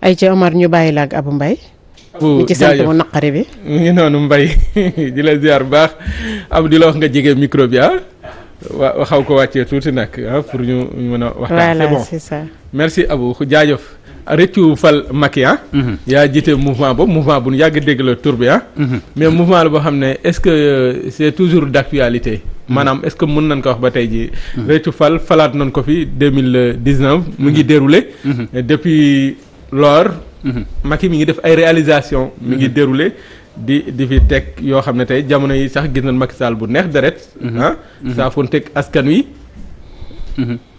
ay ca Omar ñu bàyyi la ak Abou Mbaye ci sant mu naqari bi mu ngi noonu mbay di la ziar bu baax am di la wax nga jege micro bi ah wa xaw ko wàccee tuuti nag ah, pour ñu mën a wax voilà c'est ça merci Abou jaajëf rëccu fal Macky ah mhm. yaa jiite mouvement boobu mouvement bu ñu yàgg dégg la tur bi ah? mhm. mais mouvement la boo xam ne est-ce que euh, c'est toujours d'actualité mhm. maanaam est-ce que mën nañ ko wax ba tey jii rëccu fal falaat nañ ko fi 2019 mu ngi déroulé depuis lor mhm. Macky mi ngi def ay réalisation mi ngi mhm. déroulé di di fi teg yoo xam ne tey jamono yi sax gis nañ Macky Sall bu neex deret sa mhm. ah. saa foon teg askan wi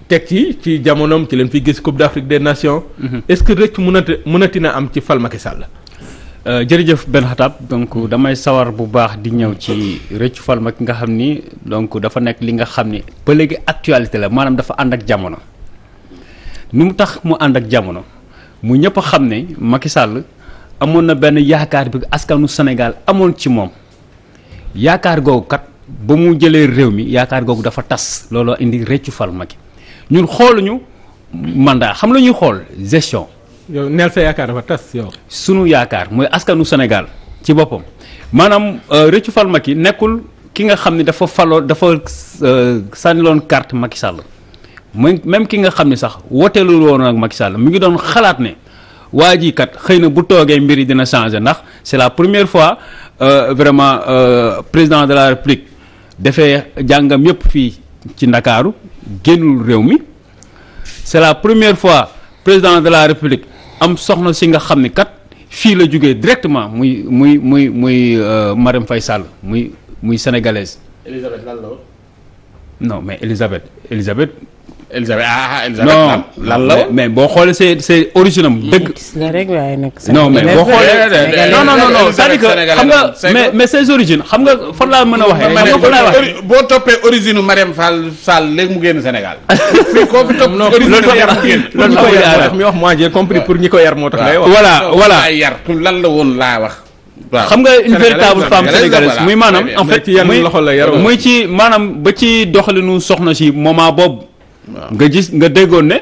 teg ci ci jamonoom ci leen fi gis Coupe d'Afrique des Nations est-ce que rëcc mënati mënati na am ci fal Macky Sall euh, jërëjëf benn xataab donc damay sawar bu baax di ñëw ci rëccu fal Macky nga xam ni donc dafa nekk li nga xam ni ba léegi actualité la maanaam dafa ànd ak jamono ni mu tax mu ànd ak jamono mu ñëpp xam ne Macky Sall amoon na benn yaakaar bi askanu Sénégal amoon ci moom yaakaar googu kat ba mu jëlee réew mi yaakaar googu dafa tas looloo indi rëccu fal Macky ñun xooluñu mandat xam la ñuy xool gestion. yow neel sa yaakaar dafa tas yow. sunu yaakaar mooy askanu Sénégal ci boppam maanaam euh, rëccu fal Macky nekkul ki nga xam ne dafa faloo dafa euh, sànniloon carte Macky Sall. même ki nga xam ne sax woteelul woon ak Macky Sall mu ngi doon xalaat ne waa jii kat xëy na bu toogee mbir yi dina changer ndax c'est la première fois euh, vraiment euh, président de la République defee jàngam yëpp fii ci Ndakaaru génnul réew mi c'est la première fois président de la République am soxna si nga xam ne kat fii la jógee directement muy muy muy muy euh, Marème Faye Sall muy muy sénégalaise. Elisabeth lan la woon. mais Elisabeth Elisabeth. Elisabeth ah, ah, ah, non la mais boo xoolee c'est c'est dëgg. gis nga rek waaye non mais boo xoolee. non non non c'est-à-dire que xam nga mais mais ses origines xam nga fan laa mën a boo toppee origine Mariam Fall Sall léegi mu génn Sénégal. fii koo fi topp origine loolu loolu ko yar mi wax moi j'ai pour ñi ko yar moo tax. ngay wax voilà voilà lan la woon laa wax. xam nga une véritable sénégalaise muy maanaam en fait muy muy ci maanaam ba ci doxalinu soxna si moment boobu nga gis nga déggoon ne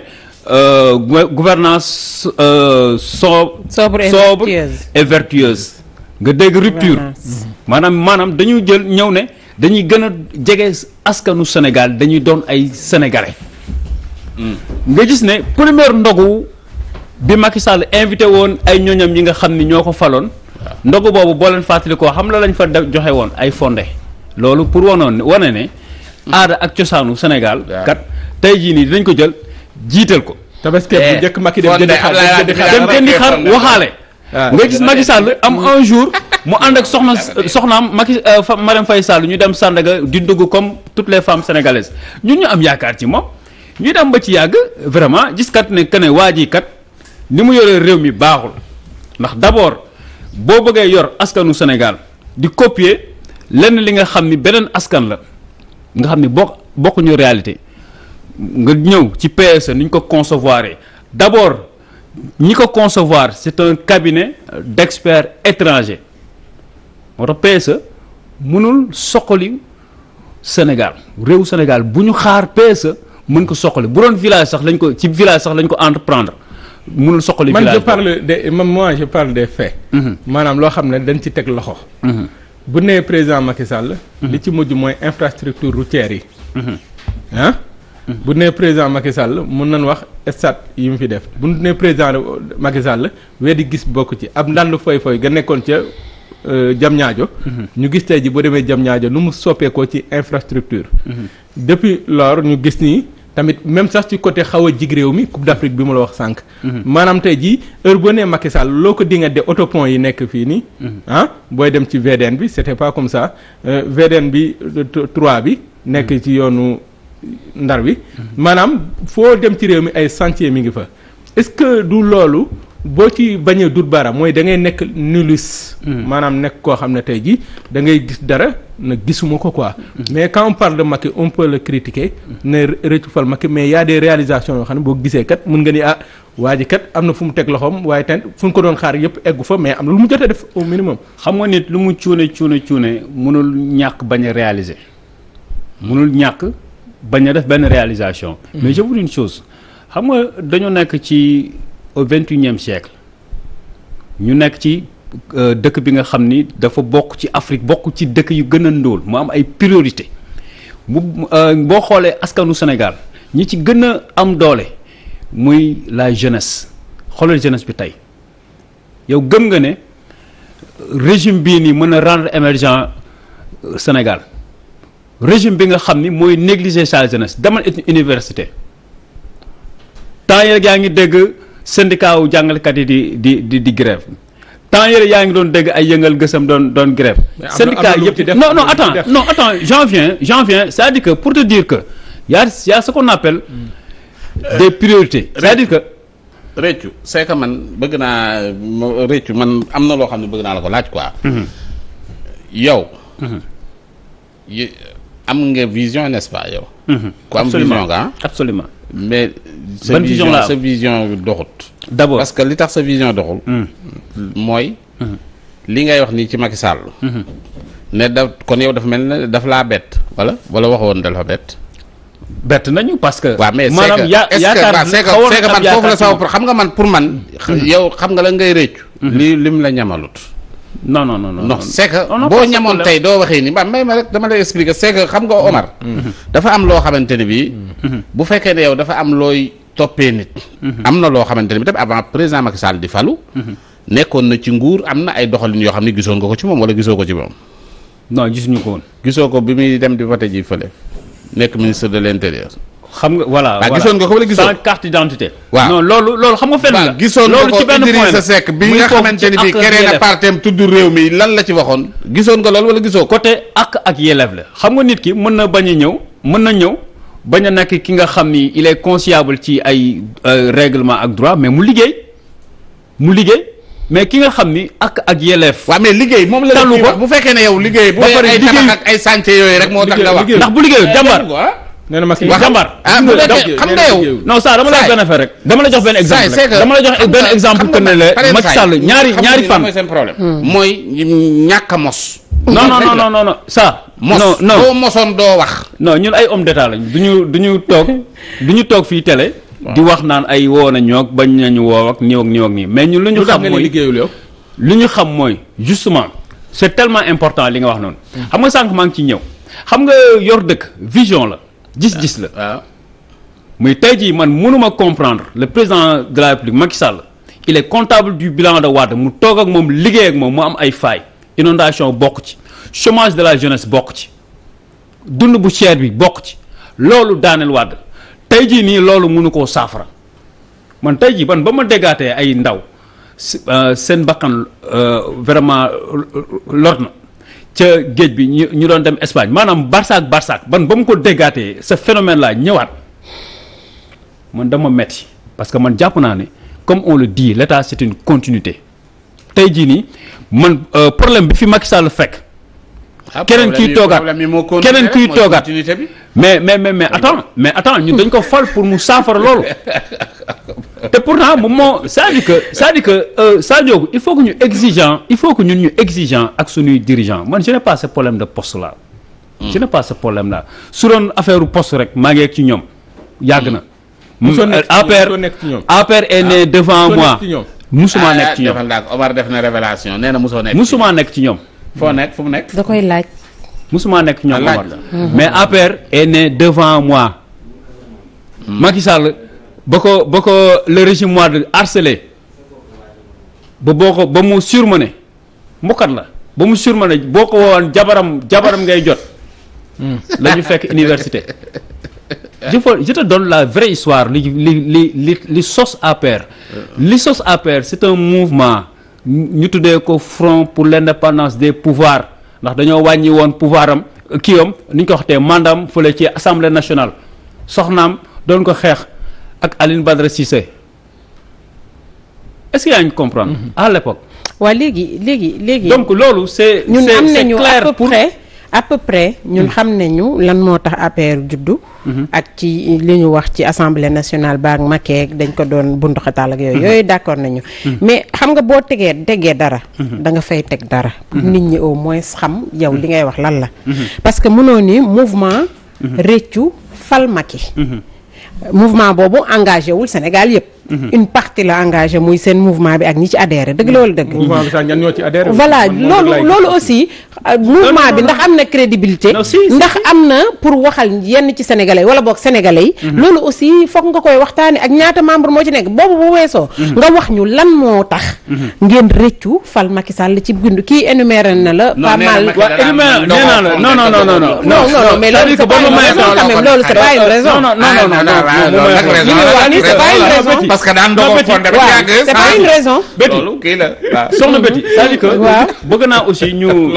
euh, gouvernance euh, sobre sobre et vertueuse nga dégg rupture mm-hmm. maanaam maanaam dañu jël ñëw ne dañuy gën a jege askanu Sénégal dañuy doon ay sénégalais mm. nga gis ne première ndogu bi Macky Sall invité woon ay ñoñam yi nga xam ni ñoo ko faloon ndogu boobu boo leen fàttali koo xam la lañ fa joxe woon ay fonde loolu pour wanoon wane ne mm. aada ak cosaanu Sénégal kat tey jii nii dinañ ko jël jiital ko. tabaski bu njëkk Macky eh, dem jëndi xar dem jëndi xar waxaale. nga gis Macky Sall am un mu ànd ak soxna soxnaam Macky euh, Marème Faye Sall ñu dem sàndaga di dugg comme toutes les femmes sénégalaises ñun ñu am yaakaar ci moom. ñu dem ba ci yàgg vraiment giskat kat ne que waa ji kat ni mu yoree réew mi baaxul ndax d'abord boo bëggee yor askanu Sénégal di copier lenn li nga xam ni beneen askan la nga xam ni bokk bokkuñu réalité. nga ñëw ci PSE niñ ko concevoir d' abord ñi ko concevoir c' est un cabinet d' experts étrangers moo tax e mënul soqali Sénégal réew Sénégal bu ñu xaar PSE mën ko soqali bu doon village sax lañ ko ci village sax lañ ko entreprendre mënul soqali. village man je parle man mois je parle des faits. Mhm. maanaam loo xam ne dañ ci teg loxo. Mhm. bu nee président Macky Sall. Mhm. li ci mujj mooy infrastructure routière yi. bu nee président Macky Sall mun nañ wax état yi mu fi def bu nee président Macky Sall weddi gis bokk ci ab ndànd foy foy ga nekkoon ca jam euh, ñaajo mm-hmm. ñu gis tey ji demee jam ñaajo nu mu soppeekoo ci infrastructure mm-hmm. depuis lors ñu gis nii tamit même sax ci côté xaw jig réew mi Coupe d'Afrique bi mu la wax sànq. Mm-hmm. maanaam tey jii heure boo nee Macky Sall loo ko di de autopont yi nekk fii nii. Ah, booy dem ci VDN bi c'était pas comme ça euh, VDN bi 3 bi. nekk ci yoonu ndar wi maanaam foo dem ci réew mi ay chantier mi ngi fa est-ce que du loolu boo ci bañ a dut baaraam mooy da ngay nekk nullus hmm. maanaam nekk koo xam ne tey jii da ngay gis dara na gisuma ko quoi hmm. mais quand on parle de Macky on peut le critiquer hmm. ne rëccu fal mais yaa a des réalisations yoo xam ne boo gisee kat mun nga ni ah waa ji kat am na fu mu teg loxoom waaye ten fu nu ko doon xaar yëpp eggu fa mais am na lu mu jotee def au minimum xam nga nit lu mu cuune cuune cuune mënul ñàkk bañ a réaliser mënul ñàkk bañ a def benn réalisation. Mm-hmm. mais je une chose xam nga dañoo nekk ci au vingt unième siècle ñu nekk ci euh, dëkk bi nga xam ni dafa bokk ci Afrique bokk ci dëkk yu gën a ndóol mu am ay priorité bu euh, boo xoolee askanu Sénégal ñi ci gën a am doole muy la jeunesse xoolal jeunesse bi tey yow gëm nga ne euh, régime bii nii mën a rendre émergent Sénégal. régime bi nga xam ni mooy négliger sa jeunesse demal université temps yële yaa ngi dégg syndicat wu jàngalekat yi di di di di grève temps yële yaa ngi doon dégg ay yëngal gësam doon doon grève syndicat yëpp non non attends non attends j'en viens j'en viens c'est-à-dire que pour te dire que yaa yaa ce qu'on appelle euh, des priorités cest à que réccu c'est man bëgg naa réccu man am na loo xam ne bëgg naa la ko laaj quoi mhm. yow mhm. am nga vision n'est-ce mhm. ku am vision nga ah? mais. ban vision la sa vision doxut. d'abord que li tax sa vision doxul. Mhm. mooy. Mhm. li ngay wax nii ci Macky Sall. ne da kon yow dafa mel ne daf laa bett. wala wala waxoon dafa bett. bett nañu parce que. waaw mais c'est que yaakaar c'est que c'est man foofu la sama xam nga man pour man. yow xam nga la ngay rëccu. li lim la ñamalut. non non non no c'est que boo ñamoon tey doo waxee ni mbaam may ma rek dama lay expliquer c'est que xam nga Omar mhm. dafa am loo xamante ne bi mhm. bu fekkee ne yow dafa am looy toppee nit mhm. am na loo xamante ne bi tamit avant président Macky Sall di falu nekkoon na ci nguur am na ay doxalin yoo xam ne gisoon nga ko ci moom wala gisoo ko ci moom non gisuñu ko woon gisoo ko bi muy dem di vote ji fële nekk ministre de l'intérieur xam nga voilà voilà gisoon nga ko la gisoo sans carte d'identité. waaw non loolu loolu xam nga fenn la. gisoon nga ko bi nga xamante ni bii créé na partem tudd réew mi lan la ci waxoon. gisoon nga loolu wala gisoo côté ak ak yelleef la xam nga nit ki mën na bañ a ñëw mën na ñëw bañ a nekk ki nga xam ni il est consciable ci ay euh, règlement ak droit mais mu liggéey mu liggéey. mais ki nga xam ni ak ak yeleef waaw mais liggéey moom la. talu ko bu fekkee ne yow liggéey. bu ay tabax ak ay sànce yooyu rek moo tax nga wax ndax bu liggéeyul eh, jàmbaar ah. nee na Macky jàmbaar ah bu fekkee xam nga yow non ça dama la jox benn rek dama la jox benn exemple rek jox benn exemple que ne la Macky Sall ñaari fan mooy seen problème hmm. ñàkk mos no non non non non ça mos non doo mosoon doo wax non ñun ay homme d'état lañ du ñu du ñu toog du ñu toog fii télé di wax naan ay woo na ñoog bañ nañu woo ak ñëw ak ñëw ak nii mais ñun lu ñu xam mooy lu ñu xam mooy justement c'est tellement important li nga wax noonu hmm. xam nga sànq maa ngi ci ñëw xam nga yor dëkk vision la jis gis la waaw muy tey jii man mënuma comprendre le président de la république Macky Sall il est comptable du bilan de Wade mu toog ak moom liggéey ak moom mu am ay failles inondation bokk ci chômage de la jeunesse bokk ci dund bu cher bi bokk ci loolu daaneel Wade tey jii nii loolu mënu koo saafara man tey jii ban ba ma déggaatee ay ndaw euh, seen bakkan euh, vraiment lor na ca géej bi ñu ñu doon dem Espagne maanaam barsaak barsaak ban ba mu ko déggaatee sa phénomène laa ñëwaat man dama metti parce que man jàpp naa ne comme on le dit l'état c'est une continuité tey jii nii man euh, problème bi fi Macky Sall fekk. Ah, keneen kuy toogaat keneen kuy toogaat mais mais mais mais attends mais attends ñun dañ ko fal pour mu saafara loolu te pourtant moom moo cest à que c'est-à-dire que euh, Sadio il faut que ñu exigeant il faut que ñun ñu exigeant ak suñuy dirigeant man je n'ai pas ce problème de poste là. Hmm. je n'ai pas ce problème là su doon affaire poste rek maa ngi ci ñoom yàgg hmm. na. Hmm. musoon nekk ci APR est né ah. devant moi. musuma nekk ci ñoom ah, Omar def na révélation na musoo nekk. musuma nekk ci ñoom. foo nekk fu mu nekk. da koy laaj. musuma nekk ci ñoom ah, Omar mm-hmm. mais APR est ba ko ba ko le régime Wade harcelé ba boo ko ba mu surmené mbukat la ba mu surmené boo ko wowoon jabaram jabaram ngay jot hmm. la fekk université jëfa je te la vraie histoire li li li li li sos APR li sos APR c'est un mouvement ñu tuddee ko front pour l'indépendance des pouvoir ndax dañoo wàññi woon pouvoir am kii ko waxtee mandam fële ci assemblée nationale soxnaam doon ko xeex ak Aline Badara Cissé est-ce que yaa ngi comprendre. Mhm. à l'époque. waaw léegi léegi léegi. donc loolu c'est ñun am nañu à peu près à ñun mhm. xam nañu lan moo tax APR juddu. Mhm. ak ci li ñu wax ci assemblée nationale baak makeeg dañ ko doon buntu xataal ak yooyu. yooyu d'accord nañu. mais xam nga boo tegee tegee dara. da nga fay teg dara. nit ñi au moins xam yow li ngay wax lan la. parce que mënoo ni mouvement. rëccu fal Macky. mouvement boobu engagé wul Sénégal yëpp. une partie la engagé muy seen mouvement bi ak ñi ci adhéré dëgg loolu dëgg. mouvement bi sax ñan ñoo ci adhéré. loolu aussi. mouvement bi ndax am na crédibilité. ndax am na pour waxal yenn ci sénégalais wala book sénégalais yi. loolu aussi foog nga koy waxtaanee ak ñaata membre moo ci nekk boobu bu weesoo. nga wax ñu lan moo tax. ngeen rëccu fal Macky Sall ci bindu kii énuméré na la. pas mal non non non non non non mais loolu c'est pas une raison quand parce que daan doog a fondé ba yàgg. c'est pas ah. la waaw soxna bëgg naa aussi ñu.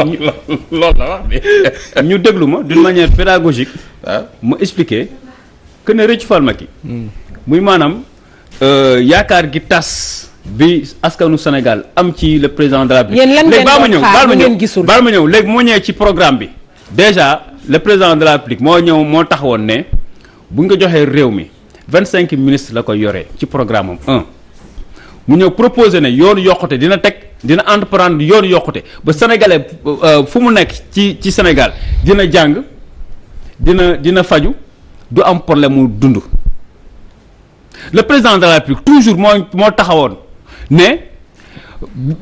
loolu ñu déglu ma d'une manière pédagogique. mu expliquer que ne rëcc Falmaki. muy maanaam euh, yaakaar gi tas. bi askanu Sénégal am ci le président de la République. léegi baal ma ñëw ñëw baal moo ñëwee ci programme bi. déjà le président de la République moo ñëw moo taxawoon ne bu nga ko joxee réew mi. vingt cinq ministre la koy yoree ci programme am un mu ñëw proposé ne yoon yokkute dina teg dina entreprendre yoonu yokkute ba sénégalais euh, fu mu nekk ci ci Sénégal dina jàng dina dina faju du am problème mu dund le président de la République toujours moo moo taxawoon ne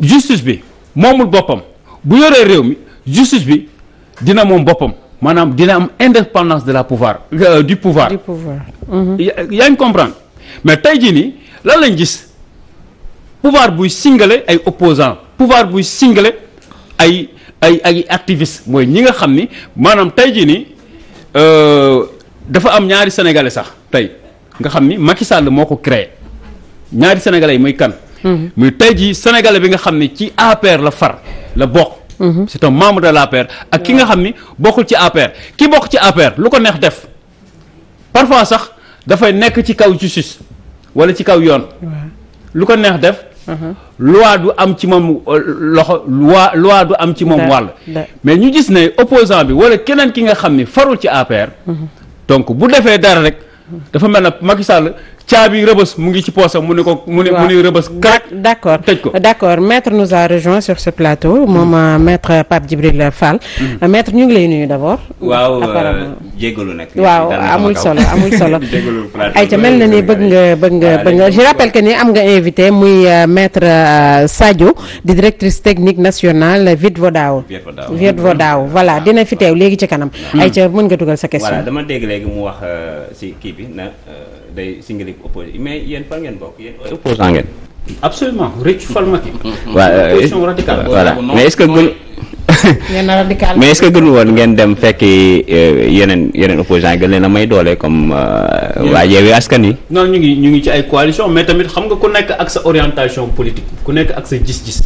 justice bi moomul boppam bu yoree réew mi justice bi dina moom boppam maanaam dina am indépendance de la pouvoir euh, du pouvoir. du mhm. yaa ngi comprendre mais tey jii nii lan lañ gis pouvoir buy singale ay opposants pouvoir buy singale ay ay ay activistes mooy ñi nga xam ni maanaam tey jii nii euh, dafa am ñaari sénégalais sax tey nga xam ni Macky Sall moo ko créé ñaari sénégalais yi muy kan. Mhm. muy tey jii sénégalais bi nga xam ni ci APR la far la bokk. Mm-hmm. c'est un membre de l'APR ak ki nga xam ni bokkul ci APR ki bokk ci APR lu ko neex def parfois sax dafay nekk ci kaw justice wala ci kaw yoon lu ko neex def mm-hmm. loi du am ci moom euh, loxo loi loi du am ci moom wàll mais ñu gis ne opposant bi wala keneen ki nga xam ni farul ci APR mm-hmm. donc bu defee dara rek dafa mel na Macky Sall caabi rëbës mu ngi ci poosam mu ne ko mu ne mu ne rëbës karak d'accord tëj ko d'accord maître nous a rejoint sur ce plateau moom euh, maître Pape Djibril Fall mm-hmm. euh, maître ñu ngi lay nuyu d'abord waaw euh, jégalu nag waaw amul solo amul solo ayca mel na ni bëgg nga bëgg nga bëgg nga je rappelle que ni am nga invité muy maître Sadio di directrice technique national Viet Vodao Viet Vodao mm-hmm. voilà dina fi léegi ci kanam mm-hmm. ayca mën nga dugal sa question dama dégg léegi mu wax ci kii bi day singalik opposé mais yéen fan ngeen bokk yéen opposant ngeen. absolument rëccu Falmaki. Euh, mais est-ce que gën. mais est-ce que gën woon ngeen dem fekki euh, yeneen yeneen opposants gën leen a may doole comme euh, waa Yewwi Askan Wi non ñu ngi ñu ngi ci ay coalition mais tamit xam nga ku nekk ak sa orientation politique ku nekk ak sa gis-gis.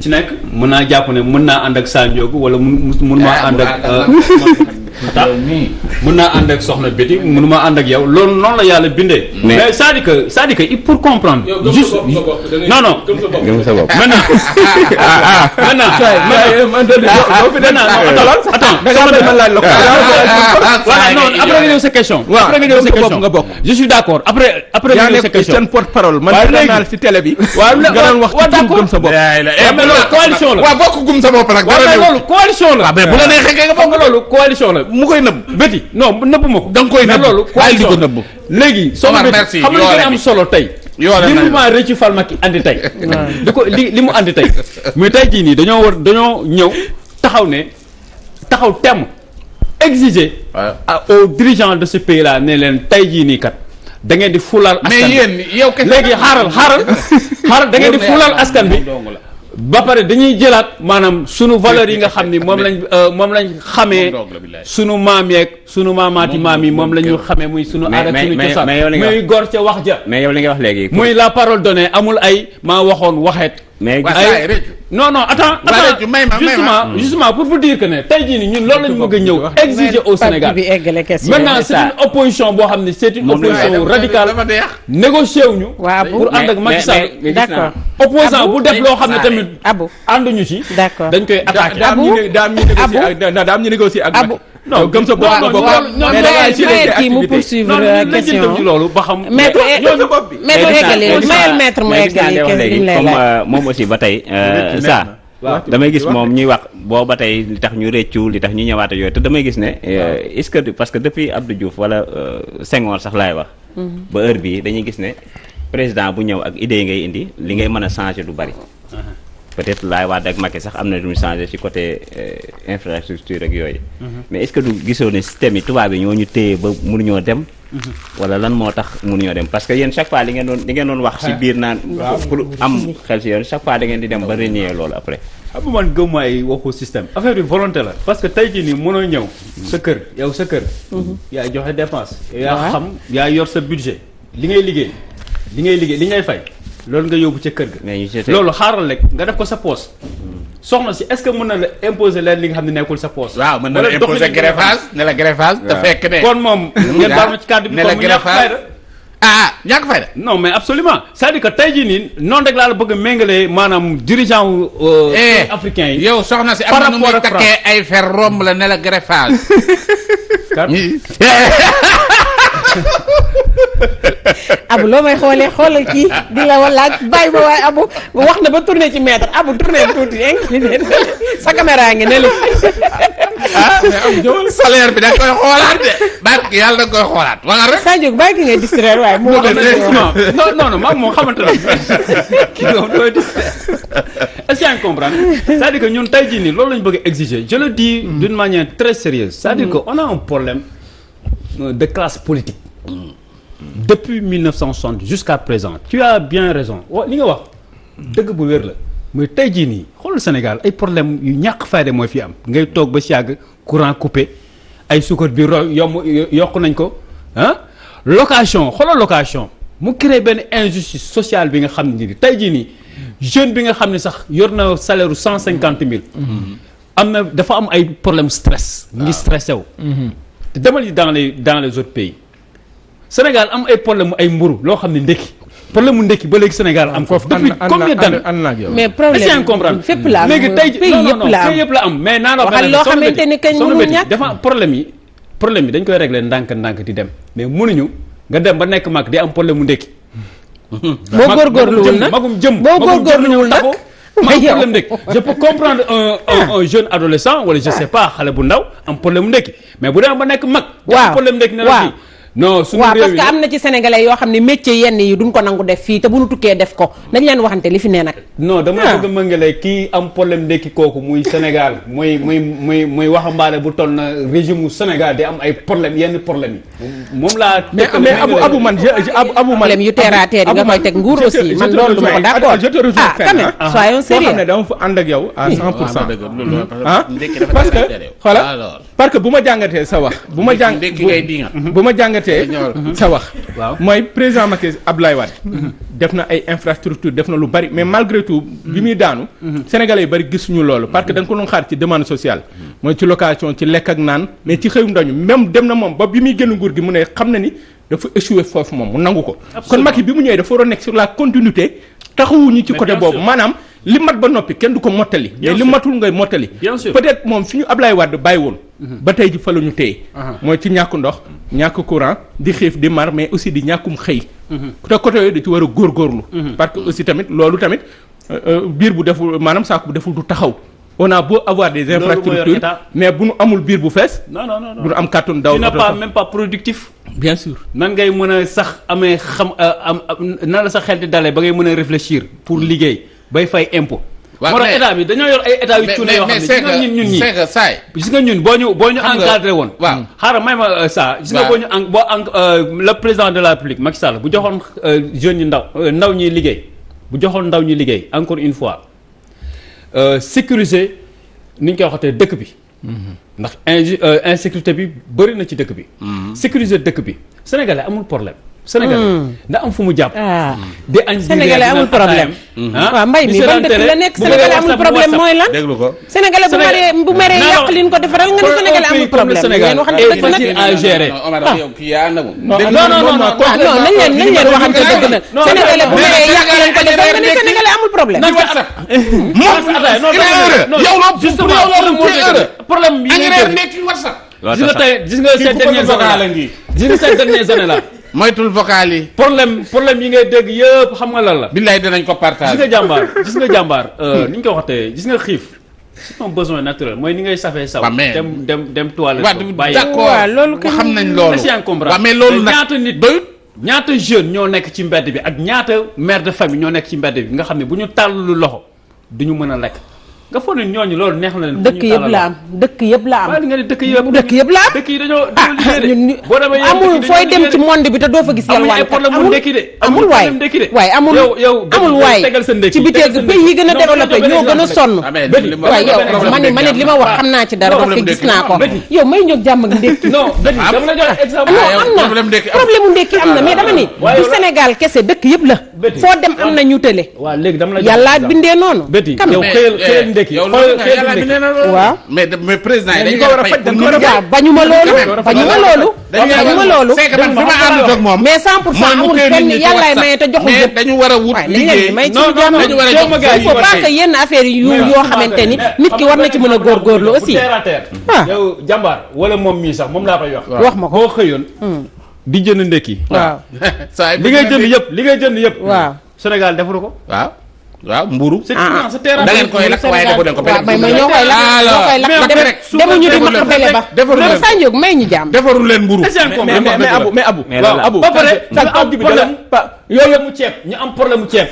ci nekk mën naa jàpp ne mën naa ànd ak Sa Ndiogou wala mun mun maa eh, ànd ak mën naa ànd ak soxna Béti mun maa ànd ak yow loolu noonu la yàlla bindee mm. mais c'est-à-dire que c'est-à-dire que il pour comprendre juste non non gëm sa bopp maintenant maintenant ah, ah, ah, voilà non après nga ñëw sa question après nga ñëw sa question nga bokk je suis d'accord après après nga ñëw sa question porte parole man naa ci télé bi waaw nga doon wax ci gëm sa bopp Eh, mais loolu coalition la waaw boo ko gum sa bopp nag. dara ñëw loolu coalition la. Ah, mais bu la neexee kay nga bokk loolu coalition la mu koy nëbb. bëti non nëbb ma ko. da nga koy nëbb loolu coalition la léegi. soo merci xam nga am solo tey. yoo li mu maa rëcc fal ma ki andi tey. li ko li li mu andi tey. mais tey jii nii dañoo war dañoo ñëw taxaw ne taxaw temm exiger. aux dirigeants de ce pays là ne leen tey jii nii kat. da ngeen di fulal askan bi mais yéen yow kese léegi xaaral xaaral xaaral da ngeen di fulal askan bi ba pare dañuy jëlaat maanaam sunu valeur yi nga xam ni moom lañ euh, moom lañ xamee sunu maam yeeg sunu maamaati maam yi moom la ñu xamee muy sunu aada sunu cosaan muy gor ca wax ja mais yow li nga wax léegi muy la parole donnée amul ay maa waxoon waxeet ay non non attends attends justement hmm. justement pour vous dire que ne tey jii ni ñun loolu lañu bëgg a ñëw exiger au Sénégal maintenant c'est une opposition boo xam ne c'est une opposition radicale négocier ñu pour ànd ak Macky Sall d'accord bu def loo xam ne tamit ànduñu ci dañ koy da daam ñu négocier ak non gëm sa bopp nga bokk mais da ngay mayel kii mu poursuivre question loolu ba xam maître eh, eh, maître eh, eggali mayel maître mu eggali comme euh, moom aussi ba tey ça euh, damay gis moom ñuy wax boo ba tey li tax ñu réccu li tax ñu ñëwaat yooyu te damay gis ne euh, est-ce que parce que depuis Abdou Diouf wala Senghor sax laay wax mhm. ba heure bii dañuy gis ne président bu ñëw ak idée ngay indi li ngay mën a changer du bari uh-huh. peut-être Laay Wade ak Macky sax am na lu mu changé ci côté euh, infrastructure ak yooyu. Mhm. mais est du gisoo ne système yi tubaab yi ñoo ñu téye ba mënuñoo dem. Mhm. wala lan moo tax mënuñoo dem parce que yéen chaque fois li ngeen doon wax. ci biir naan pour am xel ci yoon chaque fois da di dem ba renier loolu après. xam ah, man gëm ay waxu système affaire bi volonté la parce que tey jii nii mënoo ñëw. sa kër yow sa kër. Mhm. yaa joxe dépense. yaa xam yaa yor sa budget. loolu nga yóbbu ca kër ga. loolu xaaral rek nga def ko sa poos. soxna si est-ce que mën na la imposer leen li nga xam ne nekkul sa poos. waaw mën na la imposer greffage ne la greffage. te fekk ne kon moom. ngeen baal ma ci kàddu bi kon mu ñàkk ah, non mais absolument c'est-à-dire que tey jii nii noonu rek laa la bëgg a maanaam dirigeant wu. Euh, eh, africain yi yow soxna si am na nu muy takkee ay fer romb la ne la greffage. abu loo may xoolee xoolal kii di la walaaj bàyyi ma waaye abu wax na ba tourné ci mètre abu tourné tuuti incliné sa caméra ngi ne li ah, bi da koy xoolaat de barke yàlla da koy xoolaat wala rek Sadio bàyyi ki ngay distraire waaye moo non non non moom xamante na kii moom dooy distraire est-ce que yaa ngi comprendre c'est-à-dire que ñun tey jii nii loolu la bëgg a exiger je le dis hmm. d'une manière sérieuse c'est-à-dire hmm. que problème Euh, de classe politique. depuis 1960 jusqu'à présent tu as bien raison wa li nga wax dëgg bu wér la mais tey jii nii xoolal Sénégal ay problème yu ñàkk fayda mooy fi am ngay toog ba si yàgg courant coupé ay sukkar bi ro yomb yokk nañ ko ah location xoolal location mu créé benn injustice sociale bi nga xam ne ni tey jii nii jeune bi nga xam ne sax yor na salaire cent cinquante mille mm-hmm. am na dafa am ay problème stress ngi ah. stressé wu mm-hmm. demal yi dans les dans les autres pays Sénégal am ay problème mu ay mburu loo xam ne ndekki problème mu ndekki ba léegi Sénégal am ko depuis combien d'années mais problème fépp la am léegi tey pays yëpp la am mais naa la waxal loo xamante ni kañ mënul ñàkk dafa problème yi problème yi dañ koy régler ndànk ndànk di dem mais mënuñu nga dem ba nekk mag di am problème mu ndekki boo góorgóorluwul nag boo góorgóorluwul nag mais yow problème ndekki je peux comprendre un un, ah. un jeune adolescent wala je sais pas xale bu ndaw am problème mu ndekki mais bu demee ba nekk mag. waaw waaw problème ndekki ne la non suñu réew parce que am na ci sénégalais yoo xam ne métier yenn yi duñ ko nangu def fii te bu ñu tukkee def ko nañ leen waxante li fi ne nag non dama ah. bëgg a mëngale kii am problème ndekki kooku muy Sénégal muy muy muy muy bu toll na régime mu Sénégal di am ay problème yenn problème yi moom laa mais mais abu abu man abu man yu terre à terre yi nga koy teg nguur aussi man loolu ma ko d'accord je te rejoins ah, quand même ah parce que xoola parce que bu ma jàngatee sa wax bu ma jàng bu ma jàngatee arrêté mhm. sa wax. waaw mooy président ab Abdoulaye Wade. Mhm. def na ay infrastructure def na lu bari mais malgré tout. bi muy daanu. Mhm. Sénégalais yu bari gisuñu loolu. parce que da ko doon xaar ci demande sociale. mooy ci location ci lekk ak naan mais ci xëyum ndañu même dem na moom ba bi muy génn nguur gi mu ne xam na ni dafa échoué foofu moom mu nangu ko. kon Macky bi mu ñëwee dafa war a nekk sur la continuité taxawuñu ci côté boobu maanaam. li mat ba noppi kenn du ko mottali. mais li matul ngay mottali. peut-être moom fi ñu Ablaye Wade bàyyi woon. Mhm. ba tey ji fa la ñu téye. mooy ci ñàkk ndox ñàkk courant di xiif di mar mais aussi di ñàkkum xëy. Mhm. te côté yooyu da ci war a góorgóorlu. Mhm. parce que aussi tamit loolu tamit euh, euh, biir bu deful maanaam saako bu deful du taxaw. on a beau avoir des infrastructures mais bu nu amul biir bu fees. non du nu am kàttanu ndaw tu n'es pas même pas productif. bien sûr nan ngay mën a sax amee xam euh, am nan la sa xel di ba ngay mën a réfléchir pour liggéey. bay fay impôt. waaw moo tax état bi dañoo yor ay état yu cuune yoo xam ne ñun ñun ñii gis ñun boo ñu boo ñu encadré woon waaw hmm. xaaral may ma ça euh, gis nga boo ñu en boo en euh, le président de la République Macky Sall bu joxoon euh, jeunes yi ndaw ndaw ñuy liggéey bu joxoon ndaw ñuy liggéey encore une fois sécuriser ni koy waxatee dëkk bi hmm. ndax in insécurité bi bëri na ci dëkk bi hmm. sécuriser dëkk bi sénégalais amul problème Sénégal ndax am fu mu jàpp. di añ Sénégal amul problème. waaw mbay mi ban dëkk la nekk Sénégal amul problème mooy lan. déglu ko Sénégal bu meree bu meree yàq li ñu ko defaral nga ne Sénégal amul problème. ngeen waxante dëgg nag à gérer. non non non non nañ leen nañ leen waxante dëgg nag. Sénégal bu meree yàq lañ ko defal nga ne Sénégal amul problème. nañ ko attaque. moom une heure yow la pour yow la pour une heure problème yi nekk gis nga tey gis nga ces dernières années la gis nga ces dernières années la moytul vocal yi. problème problème yi ngay dégg yëpp xam nga lan la. billaay dinañ ko partage gis nga jàmbaar gis nga jàmbaar euh, ni ñu ko waxtee gis nga xiif. c'est un besoin naturel mooy ni ngay safee saw. dem dem dem toilette. bàyyi d'accord loolu xam nañ loolu. est-ce que loolu nag ñaata nit doyut. ñaata jeune ñoo nekk ci mbedd bi ak ñaata mère de famille ñoo nekk ci mbedd bi nga xam ne bu ñu tàllul loxo du ñu mën a lekk. nga foog ne ñooñu loolu neex na leen. dëkk yëpp la am dëkk yëpp la am. waaye nga dëkk yëpp la am. dëkk amul fooy dem ci monde bi te doo fa gis. yalwaan amul amul waay amul amul waay ci bitéeg pays yi gën a développé ñoo gën a sonn. waay yow man man it li ma wax xam naa ci dara parce que gis naa ko. yow may ñëw jàmm ak ndékki. non la jox exemple. am na problème mu ndékki am na mais dama ni. du Sénégal kese dëkk yëpp la. foo dem am na ñu tële. yàlla bindee noonu. ndekki. yow waaw mais mais président yi dañu ko war a faj dañu ko war a faj bañu ma loolu. bañu ma loolu. bañu ma loolu. c'est que man fi ma ànd ak moom. mais 100 pour cent amul kenn war a wut liggéey non non dañu war a jox il faut pas que yenn affaire yu yoo xamante ni nit ki war na ci mën a góorgóorlu aussi. ah yow jàmbaar wala moom mii sax moom laa koy wax. wax ma ko boo xëyoon. Hmm. di jënd ndekki. waaw li ngay jënd yëpp li ngay jënd yëpp. waaw Sénégal defuru ko waaw waaw mburu c'est da ngeen koy lakk waaye defu leen ko benn mais ñoo koy lakk bele ah, ba defaru leen saa may ñu jàmm defaru leen mburu mais abu mais abu ba pare ñu am problème yooyu mu ceeb ñu am problème mu ceeb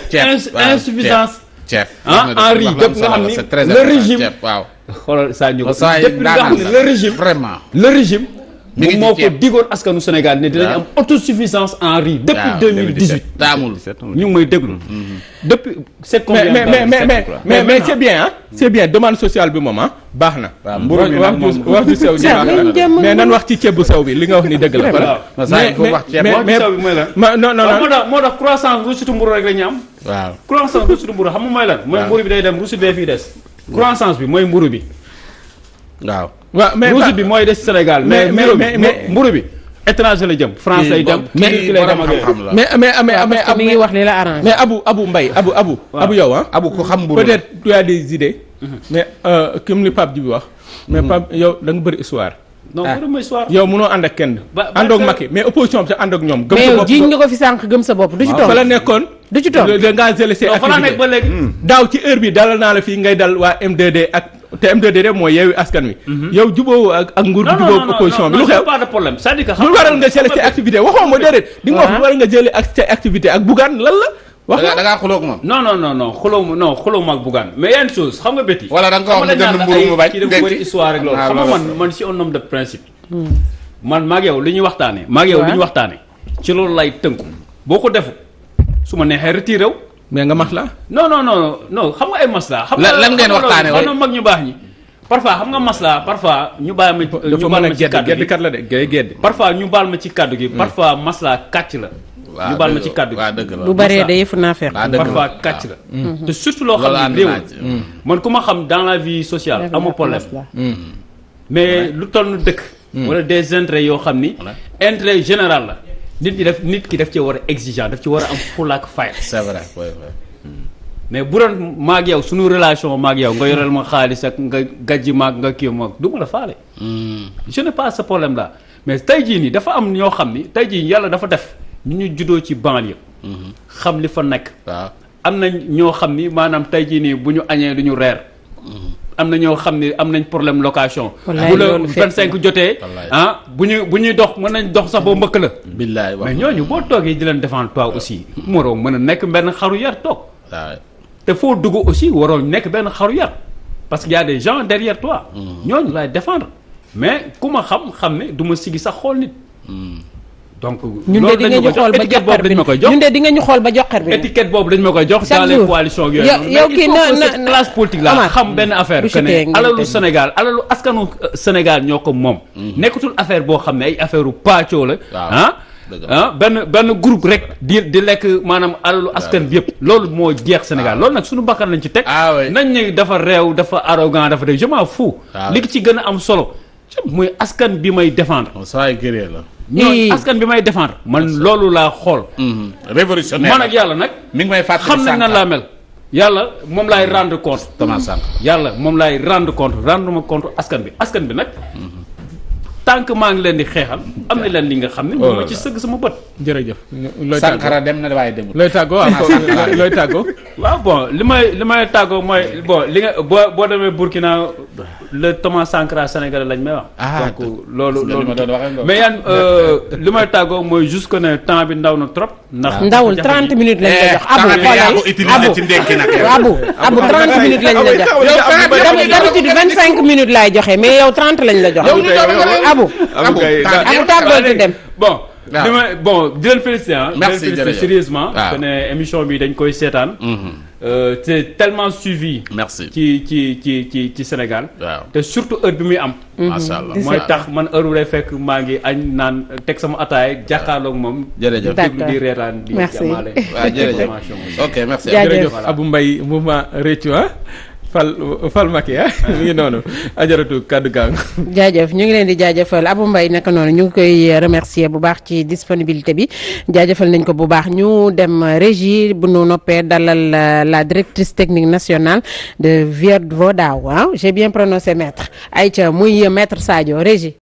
insuffisance ceeb ah, en riz yëpp nga xam ni le régime waaw xoolal saa njóog le régime vraiment régime moom moo ko digoon askanu Sénégal ne dinañ am autosuffisance en riz. depuis 2018 taamul ñu ngi déglu. Mm-hmm. depuis c'est combien mais mais mais mais mais mais c'est moom ah baax nan wax ci ceeb bu sew bi li nga wax ni dëgg la. mais mais mais mais mais non non non. moo tax croissance ruusitu mburu rek mooy lan. mburu bi day dem ruusit bee fii des. croissance bi mooy mburu bi. waaw waaw mais ruusi bi mooy des Sénégal. mais mais mais mburu bi étranger la jëm. France lay dem mais mais mais mais mi ngi wax li la arrangé. mais abu abu mbay abu abu. abu yow ah. abu ko xam mburu peut-être tu as des idées. Mhm. mais euh, comme li Pape ji bi wax. mais mhm. Pape yow da nga bëri histoire. donc ah. yow ànd ak kenn. ba àndoog Macky mais opposition bi te àndoog ñoom. gëm sa bopp mais sànq gëm bopp. du ci toog fa la nekkoon. du ci toog da ngaa jëlee seen activité daaw ci heure bi dalal naa la fii ngay dal waa MDD ak TMDD moo yeewi askan wi. Mhm. yow jubóo ak ak nguur gi jubóo opposition bi lu xew pas de problème cest waral nga jëlee ci activité waxoon ma déedéet. di nga wax lu ah. waral nga jëlee ak ci activité ak Bougane lan la. wax nga da ngaa xuloo ak moom. non non non non xuloo non xuloo ma ak Bougane mais yenn chose xam nga bétti. wala da nga ko wax mu jënd mburu mu man hmm. man maag yow li ñuy waxtaanee. maag yow li ñuy waxtaanee. ci loolu lay tënku boo ko def su ma neexee retiré wu mais nga maslaa. non non non no xam nga ay maslaa. xam nga lan ngeen waxtaanee waaye mag ñu baax ñi. parfois xam nga maslaa parfois ñu baal ma. ñu ci kàddu gi kat la de gay geddi. parfois ñu baal ma ci kàddu gi. Hmm. parfois maslaa kàcc la. ñu baal ma ci kàddu gi waaw dëgg la bu baree de yëfu naa fekk. parfois kàcc la. Hmm. Hmm. te surtout loo xam ne réew man ku ma xam dans la vie sociale amoo problème mais lu toll dëkk. wala des intérêts yoo xam ni intérêt général la nit ñi def nit ki daf ci war a exigeant daf ci war a am fulaak fayda. c'est vrai oui hmm. mais bu doon maag suñu relation maag yow nga yoreel ma xaalis ak nga gàjji maag nga kii maag du ma la faale. Hmm. je n'ai pas ce problème là mais tey jii nii dafa am ñoo xam ni tey jii yàlla dafa def ñu ñu juddoo ci banlieue. Hmm. xam li fa nekk. waaw am na ñoo xam ni maanaam tey jii nii bu ñu añee lu ñu reer. am na ñoo xam ne am nañ problème location. bu la 25 jotee. ah bu ñuy bu ñuy dox mën nañ dox sax ba mbëkk la. billaay waaw mais ñooñu boo toogee di leen défendre toi aussi. waroo mën a nekk benn xaru yar toog. te foo dugg aussi waroo nekk benn xaru yar parce que y a des gens derrière toi. Mm. ñooñu laay défendre mais ku ma xam xam ne du ma sigi sax xool nit. Mm. donc loolu dañu ko jox étiquette boobu dañu ma koy jox ñun de di nga ñu xool ba joxer bi étiquette boobu dañu ma koy jox dans les coalitions yooyu yow kii na na classe politique la xam benn affaire que ne alalu Sénégal alalu askanu euh, Sénégal ñoo ko moom mm-hmm. nekkatul affaire boo xam ne ay affaire u paacoo la ah ah benn benn group rek di di lekk maanaam alalu askan bi yëpp loolu moo jeex Sénégal loolu nag suñu bakkan lañ ci teg ah nañ ne dafa réew dafa arrogant dafa def je m'en fous ah li ci gën a am solo mooy askan bi may défendre la ñooñu askan bi may défendre. man loolu laa xool. Mhm. révolutionnaire man ak yàlla nag. mi ngi may fàttali xam nañ nan laa mel. yàlla moom laay rendre compte. Thomas Sànq yàlla moom laay rendre compte rendre ma compte askan bi askan bi nag. tant que maa ngi leen di xeexal am na leen li nga xam ne. moom ma ci sëgg sama bët. jërëjëf looy tàggoo dem na waaye demul. looy tàggoo ah, looy tàggoo. waaw bon li may li may tàggoo mooy bon li nga boo demee Burkina le Thomas Sankara sénégalais lañ may wax. donc loolu loolu. mais yan li may tàggoo mooy juste que ne temps bi ndaw na trop. ndax ndawul 30 minutes lañ la jox. abu xoolal abu abu 30 minutes lañ la jox. yow d'habitude 25 minutes laay joxe mais yow 30 lañ la jox. abu abu tàggoo ci dem bon. li may bon di leen féliciter sérieusement bi dañ koy seetaan. Euh, c'est tellement suivi. ci ci ci ci ci Sénégal. te surtout heure bi muy am. Mhm. macha mooy tax man heure bu fekk maa ngi añ naan teg sama ataay jàkkaarloog moom. jërëjëf d'accord di reetaan di. merci jërëjëf ok merci. jërëjëf Abou Mbaye mouvement Réthiou fal fal Macky ah mi ngi noonu ajaratu kàddu gaangu jaajëf ñu ngi leen di jaajëfal Abou mbay naka noonu ñu ngi koy remercier bu baax ci disponibilité bi jaajëfal nañ ko bu baax ñu dem régi bu nu noppee dalal euh, la directrice technique nationale de Viet Vo Dao ah j'ai bien prononcé maître Aïcha muy maître Sadio régie